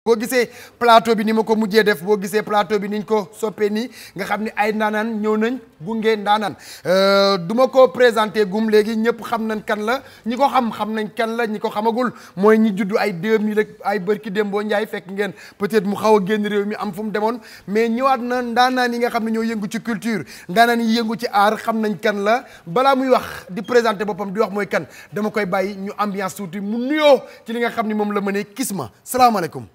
boo gisee plateau bi ni ma ko mujjee def boo gisee plateau bi niñ ko soppee nii nga xam ne ay ndaanaan ñëw nañ gunge ndaanaan euh, du ma ko présenter gum léegi ñëpp xam nañ kan la ñi ko xam xam nañ kan la ñi ko xamagul mooy ñi juddu ay 2000 ak ay bërki dem boo njaay fekk ngeen peut-être mu xaw a génn réew mi am fu mu demoon mais ñëwaat na ndaanaan yi nga xam ne ñoo yëngu ci culture ndaanaan yi yëngu ci art xam nañ kan la balaa muy wax di présenter boppam di wax mooy kan dama koy bàyyi ñu ambiance tuuti mu nuyoo ci li nga xam ne moom la mënee Kisma salaamaaleykum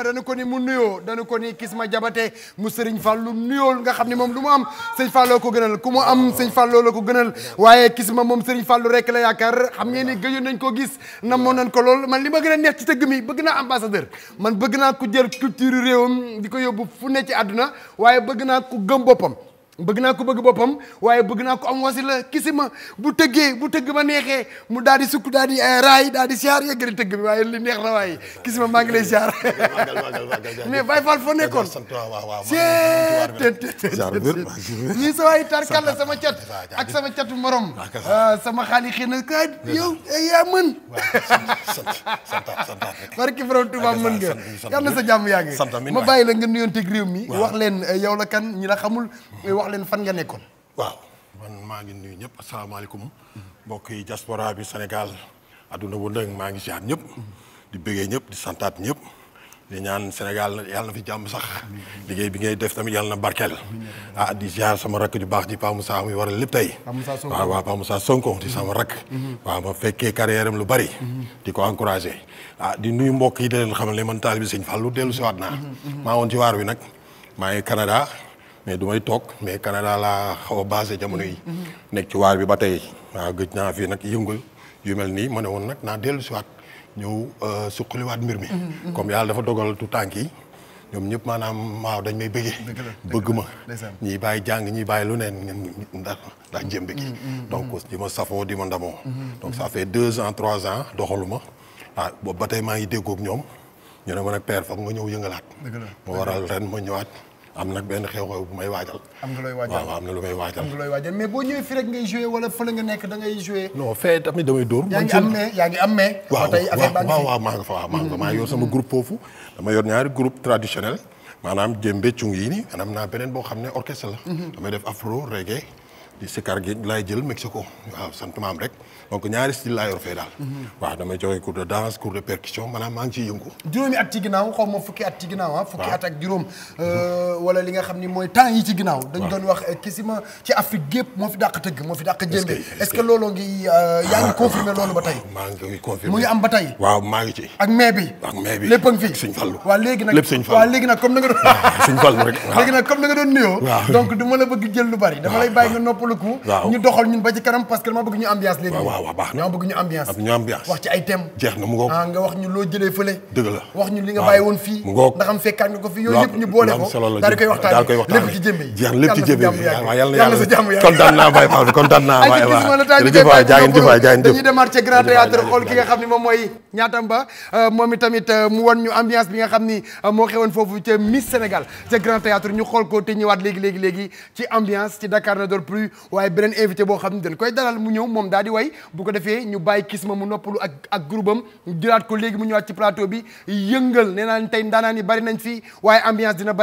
ma danu ko ni mu nuyoo danu ko ni kis ma jabate mu sëriñ fàllu nuyool nga xam ne moom lu mu am sëñ fàlloo ko gënal ku mu am sëñ fàlloo la ko gënal waaye kis ma moom sëriñ fàllu rekk la yaakaar xam ngeen ni gëjoon nañ koo gis namoon nañ ko lool man li ma gën a neex ci tëgg mi bëgg naa ambassadeur man bëgg naa ku jël culture réewam di ko yóbbu fu ne ci àdduna waaye bëgg naa ku gëm boppam bëgg naa ko bëgg boppam waaye bëgg naa ko am wasila kisima bu tëggee bu tëgg ba neexee mu daal di sukk daal di eh, raay daal di siyaar yeggali tëgg bi waaye li neex na waaye kisima maa ngi lay siyaar mais Baye Fall foo nekkoon nii sa waay tarkalla sama cat ak sama catu morom ah, sama xaali xëy na ka yow eh, yaa mën barki borom Tuubaa mën nga yàlla na sa jàmm yaa ngi ma bàyyi la nga nuyoonteeg réew mi wax leen eh, yow la kan ñi la xamul wax wax leen fan nga nekkoon. waaw man maa ngi nuyu ñëpp asalaamaaleykum mbokk yi diaspora bi Sénégal adduna bu ndëng maa ngi siyaat ñëpp. di bëggee ñëpp di santaat ñëpp. di ñaan Sénégal yàlla na fi jàmm sax liggéey bi ngay def tamit yàlla na barkeel ah di ziar sama rakk ju baax ji Pa Moussa muy waral lépp tey waaw waaw Pa Moussa Sonko di sama rakk waaw ma fekkee carrière lu bari di ko encouragé ah di nuyu mbokk yi di leen xamal ne man taalibi Sëñ Fallu dellu mais du may toog mais Canada laa xaw a basé jamono yi. nekk ci waar bi ba tey waaw gëj naa fi nag yëngal yu mel nii ma ne woon nag naa dellu si waat ñëw euh, suqaliwaat mbir mi. Mhm, comme mhm. yàlla dafa dogal tu tànk yi ñoom ñëpp maanaam waaw dañ may bëggee. bëgg ma ñiy bàyyi jàng ñiy bàyyi lu neen ndax ndax jëmbe mhm, gi. donc di ma safoo di ma ndamoo. donc ça fait deux ans trois ans doxaluma ah boobu ba tey maa ngi déggoog ñoom ñu ne ma nag père foog nga ñëw yëngalaat. moo waral ren ma ñëwaat. am nag benn xew-xew bu may waajal. am nga looy waajal am na lu may waajal. am nga looy mais boo ñëwee fii rek ngay joué wala fële nga nekk da ngay joué. non fee tamit damay dóor. yaa ngi am mais yaa ngi am mais. waaw waaw waaw maa nga fa maa nga mm-hmm. yor sama groupe foofu. dama yor ñaari groupe traditionnel maanaam jëm jëmbe cung yi nii maanaam naa beneen boo xam ne orchestre la. Mm-hmm. damay def afro reggae di sikar gi laay jël Mexico waaw sant maam rek donc ñaari style laa yor fee daal. Mhm. waaw damay joxe cours de danse cours de percussion maanaam maa ngi yëngu. juróomi at ci ginnaaw xaw ma fukki at ci ginnaaw ah, ak juróom. Euh, mhm. wala li nga xam ni mooy temps yi ci ginnaaw. dañ doon wax eh, kisima ci Afrique gépp moo fi dàq tëgg moo fi dàq jëmbe. est-ce que looloo ngi euh, yaa ngi ah, confirmé loolu ba tey. maa ngi koy confirmé mu ngi am ba tey. waaw maa ngi a le coup ñu doxal ñun ba ci kanam parce que dama bëgg ñu ambiance léegi waaw waaw baax na dama bëgg ñu ambiance ah, ñu ambiance wax ci ay thème jeex na mu ngoog ah nga wax ñu loo jëlee fële dëgg la wax ñu li nga bàyyi woon fii ndax am fekkaat nga ko fii yooyu yëpp ñu boole ko daal di koy waxtaan lépp ci jëmbe jeex lépp ci jëmbe waaw yàlla yàlla sa jàmm yàlla kontaan naa Baye Fall kontaan naa waay waay jaageen jëf waay jaageen jëf dañuy démarrer ci grand théâtre xool ki nga xam ni moom mooy ñaatam ba euh, moom itamit euh, mu won ñu ambiance bi nga xam ni euh, moo xewoon foofu ca Miss Sénégal ca grand théâtre ñu xool ko te ñëwaat léegi léegi léegi ci ambiance ci Dakar ne dort plus waaye beneen invité boo xam ne dañ koy dalal mu ñëw moom daal di way bu ko defee ñu bàyyi kis ma mu noppalu ak ak groupe am jëlaat ko léegi mu ñëwaat ci plateau bi yëngal nee naa tey ndaanaan yi bari nañ fii waaye ambiance dina bari